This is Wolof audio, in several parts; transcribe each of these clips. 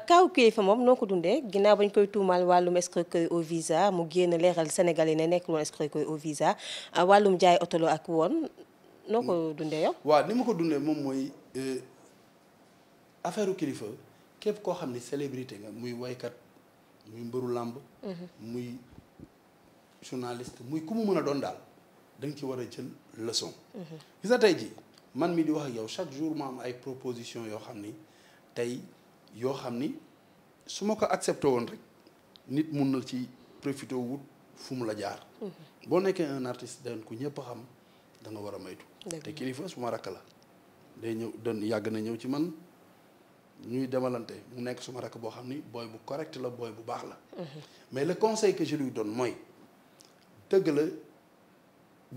kaaw kilifa moom noo ko dundee ginnaaw bañ koy tuumaal wàllum escroquerie au visa mu génn leeral Sénégal yi ne nekk woon escroquerie au visa ah, wàllum jaay otolo ak woon noo ko dundee yow. waaw ni ma ko dundee moom mooy euh, affaire kilifa képp koo xam ne célébrité nga muy waykat muy mbëru làmb mhm. muy journaliste muy ku mu mën a doon daal da nga ci war a jël leçon. Mhm. gis ji man mi di wax ak yow chaque jour ma am ay proposition yoo xam ni tey. yoo xam ni su ma ko accepté woon rek nit mun na ci profité wut fu mu la jaar. Mhm. boo nekkee en artiste dan ku ñëpp xam da war a maytu. te kilifa su rakk la day ñëw doon yàgg na ñëw ci man ñuy demalante mu nekk suma ma rakk boo xam ni booy bu correct la booy bu baax la. Mhm. mais le conseil que je lui donne mooy dëgg la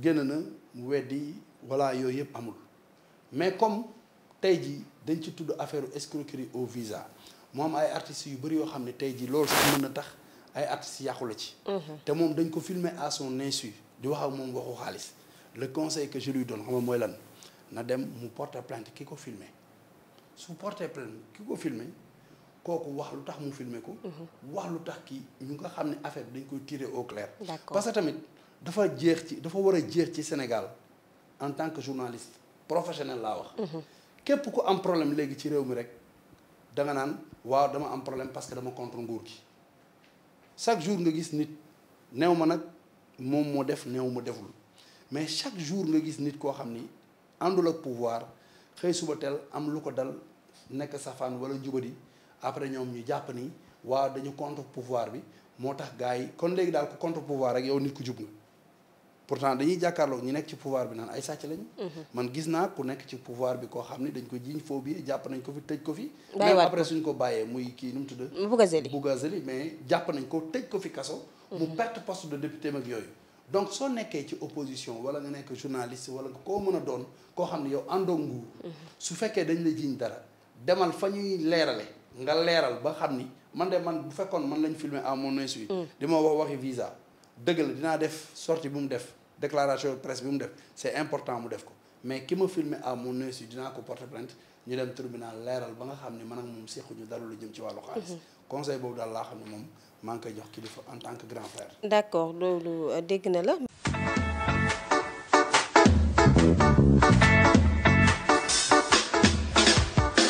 génn na mu weddi walla yooy yëpp amul mais comme. tey jii dañ ci tudd affaire escroquerie au visa moom ay artistes yu bëri yoo xam ne tey jii loolu sax mën na tax ay artistes yàqu la ci. Mhm. te moom dañ ko filmer à son insu di wax ak moom waxu xaalis le conseil que je lui donne xam mooy lan na dem mu porter plainte ki ko filmer su porte plainte ki ko filmer kooku wax lu tax mu filmer ko. Mhm. wax lu tax kii ñu nga xam ne affaire bi dañ koy tirer au clair. parce que tamit dafa jeex ci dafa war a jeex ci Sénégal en tant que journaliste professionnel laa wax. Mhm. képp ko am problème léegi ci réew mi rek da nga naan waaw dama am problème parce que dama contre nguur gi chaque jour nga gis nit néew ma nag moom moo def néew ma deful mais chaque jour nga gis nit koo xam ni àndul ak pouvoir xëy suba teel am lu ko dal nekk safaan wala njubadi après ñoom ñu jàpp ni waaw dañu contre pouvoir bi moo tax gars yi kon léegi daal ku contre pouvoir rek yow nit ku jub nga pourtant dañuy jàkkaarloog ñu nekk ci pouvoir bi naan ay sàcc lañu. Mhm. man gis naa ku nekk ci pouvoir bi koo xam ne dañ ko jiiñ foo bi jàpp nañ ko fi tëj ko fi. même après suñ ko bàyyee muy kii nu mu tudd. Bougazelli Bougazelli mais nañ ko tëj ko fi kaso. mu mhm. perte poste de député mag yooyu. donc soo nekkee ci opposition wala nga nekk journaliste wala nga koo mën a doon koo xam ne yow àndoo nguur. Mhm. su fekkee dañ la jiiñ dara demal fa ñuy leerale nga leeral ba xam ni man de man bu fekkoon man lañ filmer à mon insu. Mm. di ma wax waxi visa dëgg la dinaa def sortie bu mu def déclaration de presse bi mu def c'est important mu def ko mais ki ma filmé à mon insu dinaa ko porter plainte ñu dem tribunal leeral ba nga xam ne man ak moom sequñu dara lu jëm ci wàllu xaalis. Mhm. conseil boobu daal laa xam ne moom maa koy jox kilifa en tant que grand frère. d'accord loolu euh, dégg na la.